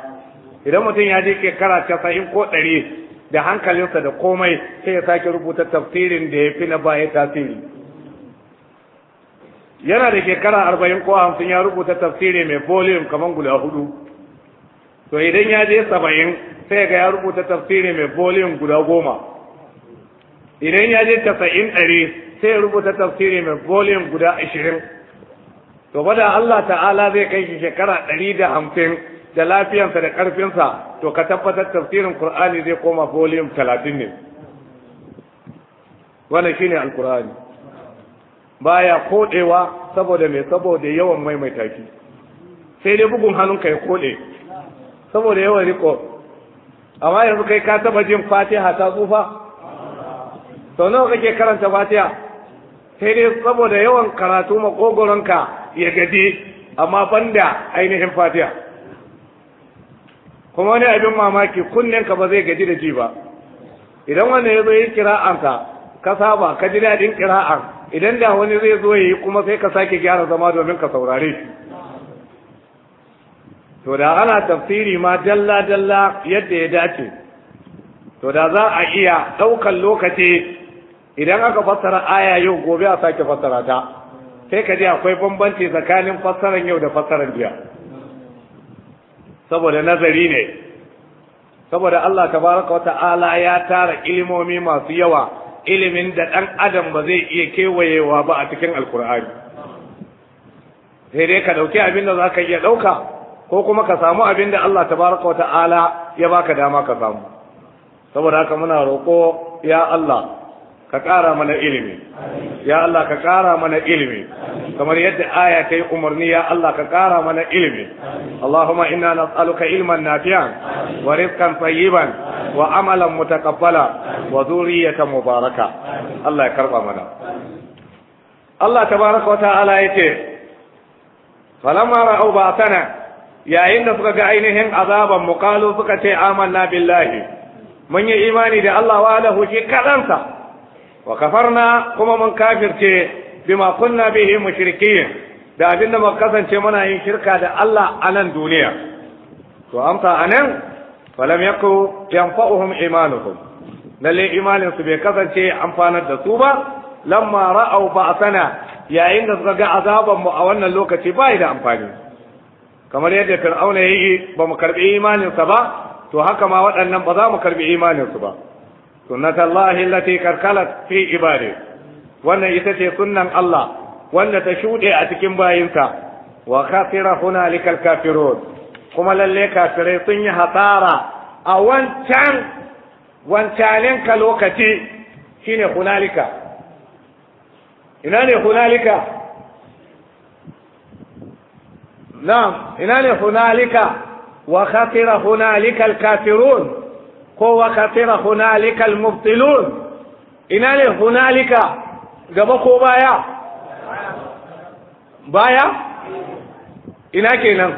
idan mutum ya je shekara casa'in ko ɗari da hankalinsa da komai sai ya sake rubuta tafsirin da ya fi na baya tasiri yana da shekara arba'in ko hamsin ya rubuta tafsiri mai volume kamar guda hudu to idan ya je saba'in sai ga ya rubuta tafsiri mai volume guda goma idan ya je tasa'in ɗari sai ya rubuta tafsiri mai volume guda ashirin to bada Allah ta'ala zai kai shi shekara ɗari da hamsin da lafiyansa da ƙarfinsa to ka tabbatar tafsirin Qur'ani zai koma volume talatin ne wannan shine alqur'ani baya kodewa saboda me saboda yawan maimaita shi sai dai bugun hannunka ya kode saboda yawan riko amma yanzu kai ka taba jin fatiha ta tsufa sau nawa kake karanta fatiha sai dai saboda yawan karatu makogoronka ya gaji amma banda ainihin fatiha kuma wani abin mamaki kunnenka ba zai gaji da ji ba idan wani ya zo yi kira'anka ka saba ka ji daɗin kira'an idan da wani zai zo yi kuma sai ka sake gyara zama domin ka saurare shi to da ana tafsiri ma dalla dalla yadda ya dace to da za a iya ɗaukan lokaci idan aka fassara aya yau gobe a sake fassara ta sai ka ji akwai bambanci tsakanin fassaran yau da fassaran jiya saboda nazari ne saboda Allah tabaraka wa ya tara ilimomi masu yawa ilimin da ɗan adam ba zai iya kewayewa ba a cikin alkur'ani sai dai ka ɗauki abin da za ka iya ɗauka ko kuma ka samu abin da Allah tabaraka wa ta'ala ya baka dama ka samu saboda haka muna roƙo ya Allah ka ƙara mana ilimi ya Allah ka ƙara mana ilimi kamar yadda aya ta yi umarni ya Allah ka ƙara mana ilimi Allahumma inna nas'aluka ilman nafi'an wa rizqan tayyiban wa amalan mutaqabbala wa zuriyatan mubaraka Allah ya karba mana Allah tabaraka wa ta'ala yace falamma ra'u ba'tana yayin da suka ga ainihin azaban muqalu suka ce amanna billahi mun yi imani da Allah wa lahu shi kadansa wa na kuma mun kafirce bima kunna bihi mushrikin da abin da muka kasance muna yin shirka da Allah a nan duniya to amsa anan falam yaku yanfa'uhum imanuhum lalle imanin su bai kasance amfanar da su ba lamma ra'au ba'sana yayin da suka ga azaban mu a wannan lokaci bai da amfani kamar yadda fir'auna yayi ba mu karbi imanin sa ba to haka ma waɗannan ba za mu karbi imanin su ba sunnatallahi allati karkalat fi ibadi wannan ita ce sunnan Allah wanda ta shuɗe a cikin bayinsa wa khasira hunalika alkafirun kuma lalle kafirai sun yi hasara a wancan wancanin ka lokaci shine hunalika ina ne hunalika na'am ina ne hunalika wa khasira hunalika alkafirun ko wa katira hunalika mubtilun ina ne hunalika gaba ko baya baya ina kenan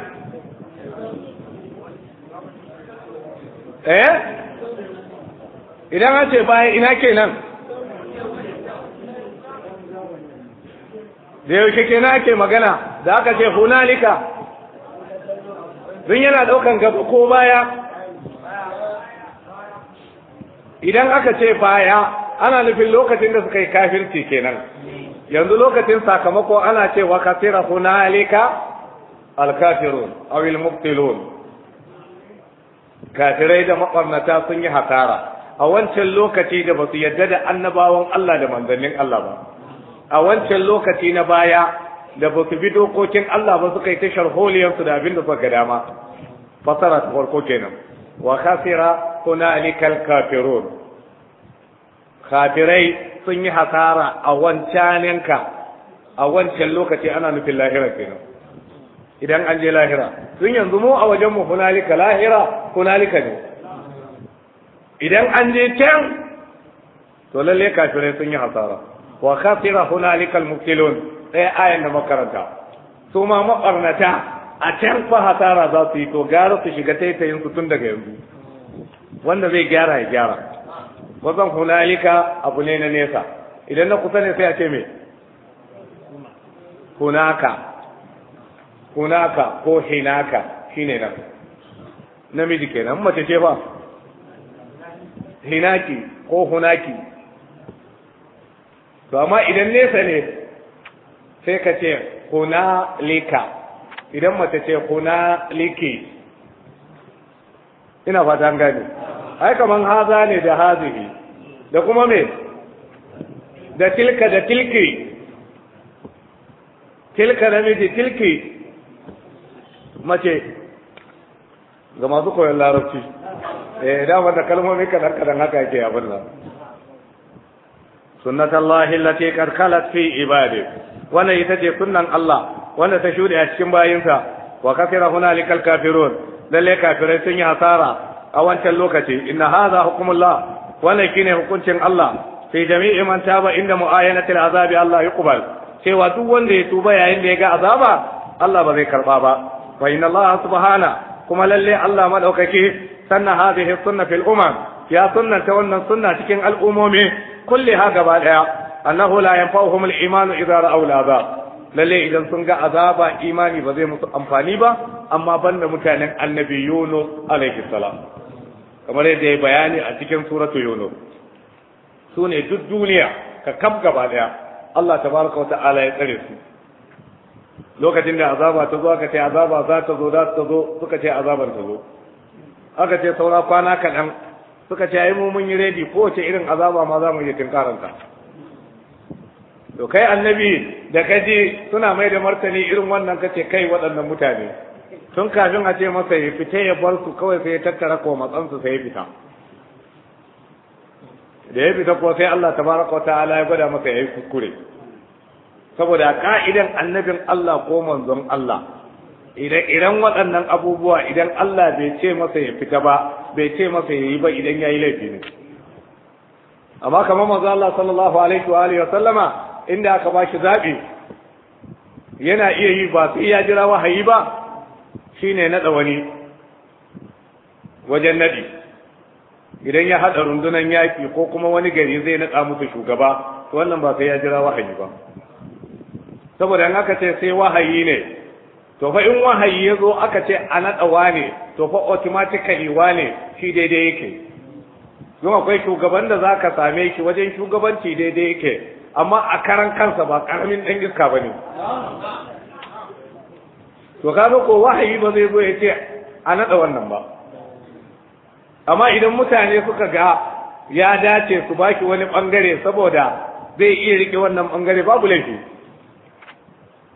eh idan an ce baya ina kenan da yau kenan ake magana da aka ce hunalika don yana daukan gaba ko baya idan aka ce baya ana nufin lokacin da suka yi kafirci kenan yanzu lokacin sakamako ana ce cewa kasira hunalika alkafirun aw almuqtilun kafirai da mabarnata sun yi hasara a wancan lokaci da basu yadda da annabawan Allah da manzannin Allah ba a wancan lokaci na baya da basu bi dokokin Allah ba suka yi ta sharholiyar su da abin da suka dama fasara ta farko kenan wa khasira hunalikal kafirun kafirai sun yi hasara a wancaninka a wancan lokaci ana nufin lahira kenan idan an je lahira sun yanzu mu a wajen mu hunalika lahira hunalika ne idan an je can to lalle kafirai sun yi hasara wa khasira hunalikal muftilun ɗaya ayan da makaranta su ma maɓarnata a can fa hasara za su yi to gara su shiga taitayin su tun daga yanzu wanda zai gyara ya gyara wazan hunalika abu ne na nesa idan na kusa ne sai a ce me hunaka hunaka ko hinaka shine nan namiji kenan mace ce ba hinaki ko hunaki to amma idan nesa ne sai ka ce hunalika idan mace ce kuna liki ina fatan gani. ai kaman haza ne da hazihi da kuma me da tilka da tilki tilka namiji tilki mace ga masu koyon larabci eh da wanda kalmomi kadan kadan haka yake abin nan sunnatullahi allati qad khalat fi ibadi wannan ita ce sunnan Allah wanda ta shuɗe a cikin bayinsa wa kasira hunalika alkafirun lalle kafirai sun yi hasara a wancan lokaci inna hadha hukmullah wannan shine hukuncin Allah fi jami'i man taba inda mu'ayanati azabi Allah yuqbal cewa duk wanda ya tuba yayin da ya ga azaba Allah ba zai karba ba fa inna Allah subhana kuma lalle Allah madaukaki sanna hadhihi sunna fil umam ya sunnanta wannan sunna cikin al'umomi kulli ha gaba daya annahu la yanfa'uhum al-iman idza ra'aw al-azab lalle idan sun ga azaba imani ba zai musu amfani ba amma banda mutanen annabi yunus alaihi salam kamar yadda ya bayani a cikin suratu yunus Sune duk duniya ka kam gaba daya Allah tabaraka wa ta'ala ya tsare su lokacin da azaba ta zo aka ce azaba za ta zo za ta zo suka ce azabar ta zo aka ce saura kwana kaɗan suka ce ai mu mun yi redi kowace irin azaba ma za mu iya tinkaranta to kai annabi da kaji suna mai da martani irin wannan kace kai waɗannan mutane tun kafin a ce masa ya fita ya bar su kawai sai ya tattara ko matsansu sai ya fita da ya fita ko sai Allah tabaraka ta'ala ya gwada masa ya yi kuskure saboda ka'idan annabin Allah ko manzon Allah idan idan waɗannan abubuwa idan Allah bai ce masa ya fita ba bai ce masa ya yi ba idan ya yi laifi ne amma kamar manzo Allah sallallahu alaihi wa alihi wa sallama inda aka ba shi zaɓi yana iya yi ba sai ya jira wahayi ba shine naɗa wani wajen naɗi idan ya haɗa rundunar yaƙi ko kuma wani gari zai naɗa musu shugaba to wannan ba sai ya jira wahayi ba saboda in aka ce sai wahayi ne to fa in wahayi ya zo aka ce a naɗa ne to fa automatically ne shi daidai yake don akwai shugaban da za ka same shi wajen shugabanci daidai yake amma a karan kansa ba karamin ɗan iska bane to kaga ko wahayi ba zai zo ya ce a nada wannan ba amma idan mutane suka ga ya dace su baki wani bangare saboda zai iya rike wannan bangare babu laifi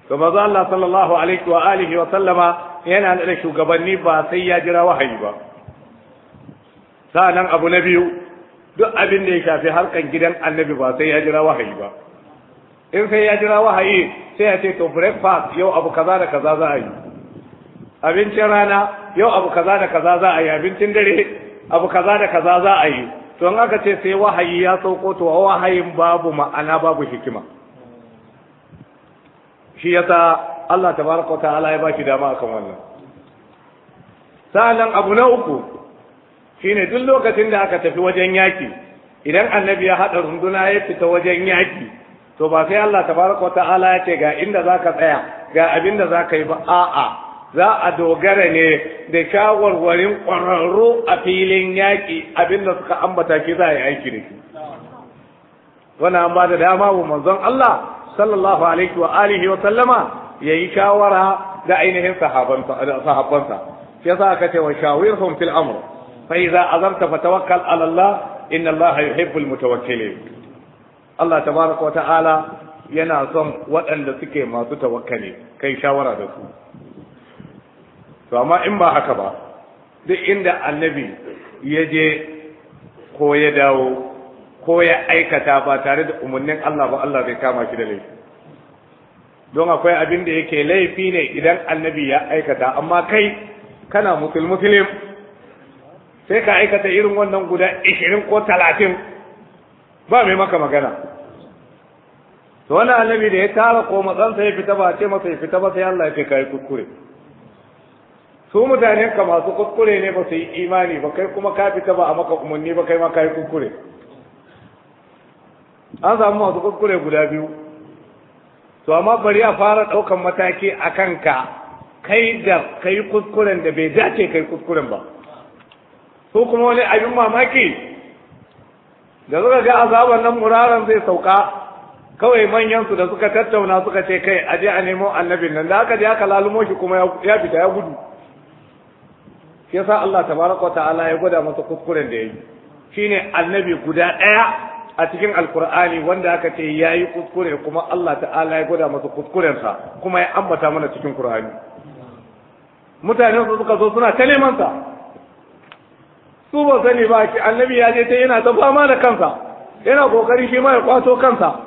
to maza Allah sallallahu alaihi wa alihi wa sallama yana da shugabanni ba sai ya jira wahayi ba nan abu na biyu duk abin da ya shafi harkan gidan annabi ba sai ya jira wahayi ba in sai ya jira wahayi sai ya ce to breakfast yau abu kaza da kaza za a yi abincin rana yau abu kaza da kaza za a yi abincin dare abu kaza da kaza za a yi to in aka ce sai wahayi ya sauko to wahayin babu ma'ana babu hikima shi yasa Allah tabaraka wa ta'ala ya baki dama akan wannan sa'annan abu na uku shine duk lokacin da aka tafi wajen yaki idan annabi ya haɗa runduna ya fita wajen yaki to ba sai Allah tabaraka wa ta'ala ya ce ga inda zaka tsaya ga abinda da zaka yi ba a'a za a dogara ne da shawarwarin ƙwararru a filin yaƙi abinda suka ambata ki za a yi aiki da ke. wannan an ba da dama wa manzon Allah sallallahu alaihi wa alihi wa sallama yayi shawara da ainihin sahabansa sahabbansa yasa aka ce wa shawirhum fil amr fa idza azamta fatawakkal alallah Allah inna Allah yuhibbul mutawakkilin Allah tabaraka wa ta'ala yana son waɗanda suke masu tawakkali kai shawara da su to amma in ba haka ba duk inda annabi ya je ko ya dawo ko ya aikata ba tare da umarnin Allah ba Allah zai kama shi da laifi don akwai abin da yake laifi ne idan annabi ya aikata amma kai kana musul sai ka aikata irin wannan guda 20 ko talatin ba mai maka magana to wani annabi da ya tara ko matsansa ya fita ba ce masa ya fita ba sai Allah ya ce kai kuskure su mutanen ka masu kuskure ne ba su yi imani ba kai kuma ka fita ba a maka umarni ba kai ma ka yi kuskure an samu masu kuskure guda biyu to amma bari a fara ɗaukan mataki a kanka kai da kai kuskuren da bai dace kai kuskuren ba su kuma wani abin mamaki da suka ga azabar nan muraran zai sauka kawai manyansu da suka tattauna suka ce kai aje a nemo annabin nan da aka ji aka lalumo shi kuma ya fita ya gudu shi yasa Allah tabaraka wa ta'ala ya gwada masa kuskuren da ya yayi shine annabi guda ɗaya a cikin alkur'ani wanda aka ce ya yi kuskure kuma Allah ta'ala ya gwada masa kuskurensa kuma ya ambata mana cikin kur'ani mutane su suka zo suna ta nemansa su ba sani ba ki annabi ya je ta yana ta fama da kansa yana kokari shi ma ya kwato kansa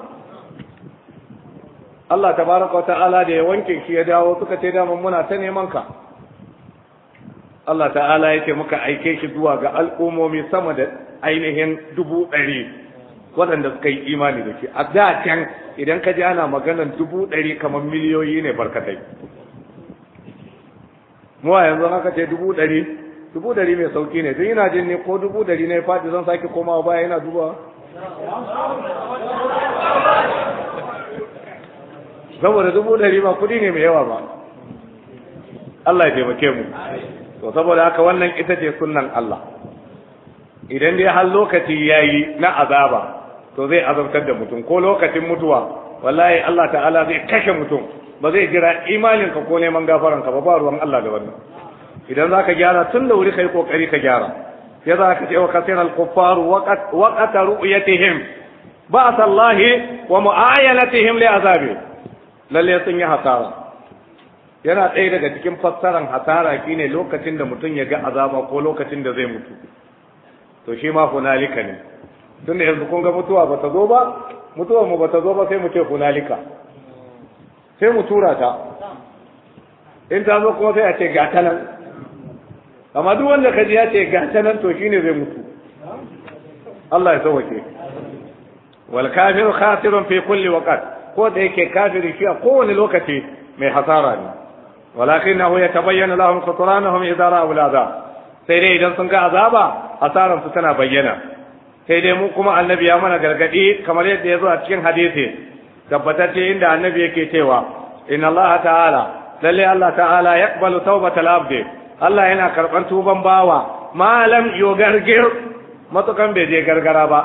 Allah tabaraka wa ta'ala da ya wanke shi ya dawo suka ce dama muna ta neman ka Allah ta'ala ya ce muka aike shi zuwa ga al'ummomi sama da ainihin dubu ɗari waɗanda suka yi imani da shi a da can idan ka ji ana maganan dubu ɗari kamar miliyoyi ne barkatai mu a yanzu haka ce dubu ɗari dubu dari mai sauki ne don yana jin ne ko dubu dari ne faɗi zan sake komawa baya yana duba saboda dubu dari ba kuɗi ne mai yawa ba Allah ya taimake mu to saboda haka wannan ita ce sunnan Allah idan dai har lokaci ya yi na azaba to zai azabtar da mutum ko lokacin mutuwa wallahi Allah ta'ala zai kashe mutum ba zai jira imaninka ko neman gafaranka ba ba ruwan Allah da wannan idan za ka gyara tun da wuri ka yi ƙoƙari ka gyara ya za ka ce wa kasir al-kuffar waƙata ru'yatihim ba sallahi wa mu'ayanatihim li azabi lalle sun yi hasara yana ɗaya daga cikin fassaran hasara shine lokacin da mutum ya ga azaba ko lokacin da zai mutu to shi ma hunalika ne tun da yanzu kun ga mutuwa ba ta zo ba mutuwa mu ba ta zo ba sai mu ce hunalika sai mu tura ta in ta zo kuma sai a ce ta nan amma duk wanda ka ji ya ce ga ta nan to shine zai mutu Allah ya sauke wal kafiru khatirun fi kulli waqt ko da yake kafiri shi a kowane lokaci mai hasara ne walakinahu yatabayyana lahum khutranahum idza ra'u al'aza sai dai idan sun ga azaba hasaran su tana bayyana sai dai mu kuma annabi ya mana gargadi kamar yadda ya zo a cikin hadisi tabbatacce inda annabi yake cewa inna Allah ta'ala lalle Allah ta'ala yaqbalu tawbatal abdi Allah yana karɓar tuban bawa malam yo gargir matukan bai je gargara ba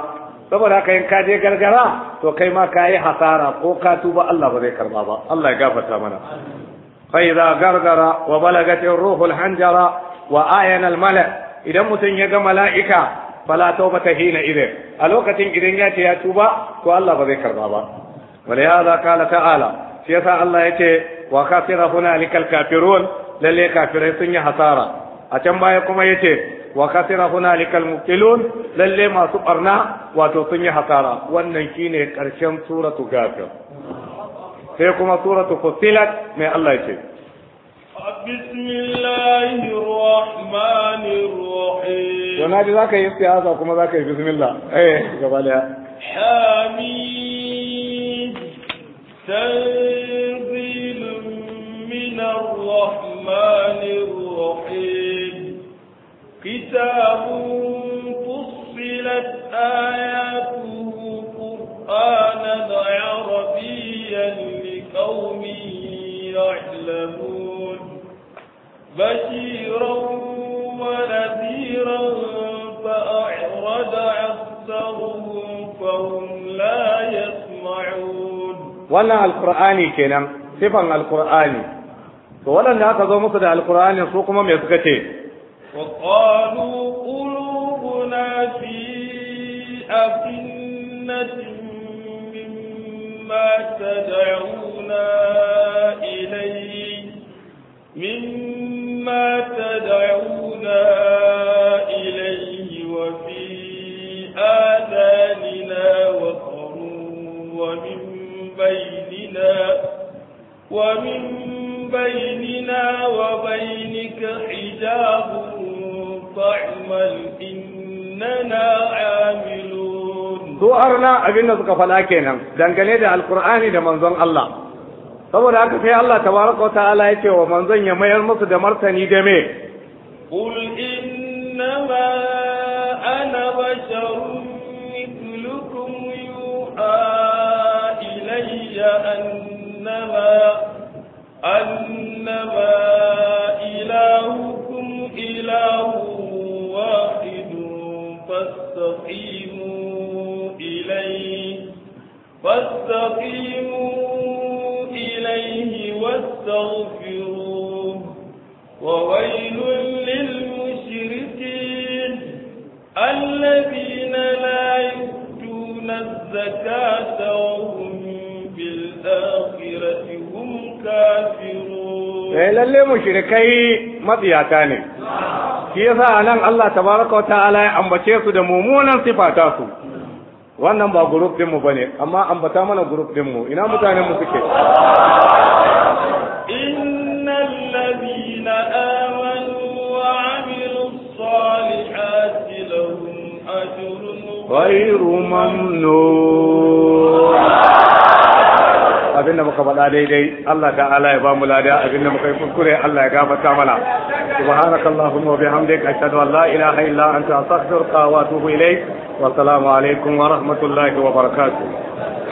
saboda haka yin ka je gargara to kai ma ka yi hasara ko ka tuba Allah ba zai karba ba Allah ya gafarta mana fa gargara wa balagat ruhul hanjara wa ayana al idan mutum ya ga mala'ika fala ta hina idan a lokacin idan ya ce ya tuba to Allah ba zai karba ba ولهذا قال تعالى سيسا الله يتي وخسر هنالك الكافرون lalle kafirai sun yi hasara a can baya kuma ya yace wa kasira hunalikal muqtilun lalle masu barna wato sun yi hasara wannan shine karshen suratu gafir sai kuma suratu fusilat mai Allah ya ce. rahmanir rahim za ka yi siyasa kuma za ka yi bismillah eh gaba da hamid tanzilun من الرحمن الرحيم كتاب فصلت آياته قرآنا عربيا لقوم يعلمون بشيرا ونذيرا فأعرض أكثرهم فهم لا يسمعون wannan alkur'ani kenan sifan alkur'ani to waɗanda aka zo musu da alkur'ani su kuma me suka ce wa qalu qulubuna fi aqinnatin mimma tad'una ilayhi mimma tad'una ilayhi آذاننا وقر ومن بيننا ومن بيننا وبينك حجاب فاعمل إننا عاملون سؤالنا أبنى سقفنا كينا دنقلي القرآن ده منظر الله saboda haka sai Allah tabaraka wa ta'ala ya ce wa manzon ya mayar musu da martani da me أنما إلهكم إله واحد فاستقيموا إليه فاستقيموا إليه واستغفروه وويل للمشركين الذين لا يؤتون الزكاة وهم بالآخرة هم mu eh lalle mushrikai matsiyata ne shi yasa anan Allah tabaraka wa ta'ala ya ambace su da mummunan sifata su wannan ba group din mu bane amma ambata mana group din mu ina mutanen mu suke innal ladina amanu wa amilus salihati lahum ajrun abinda muka faɗa daidai Allah ta'ala ya ba mu lada abinda muka yi kuskure Allah ya gafarta mana subhanakallahumma wa bihamdika ashhadu an la ilaha illa anta astaghfiruka wa atubu ilayk wa assalamu alaikum wa rahmatullahi wa barakatuh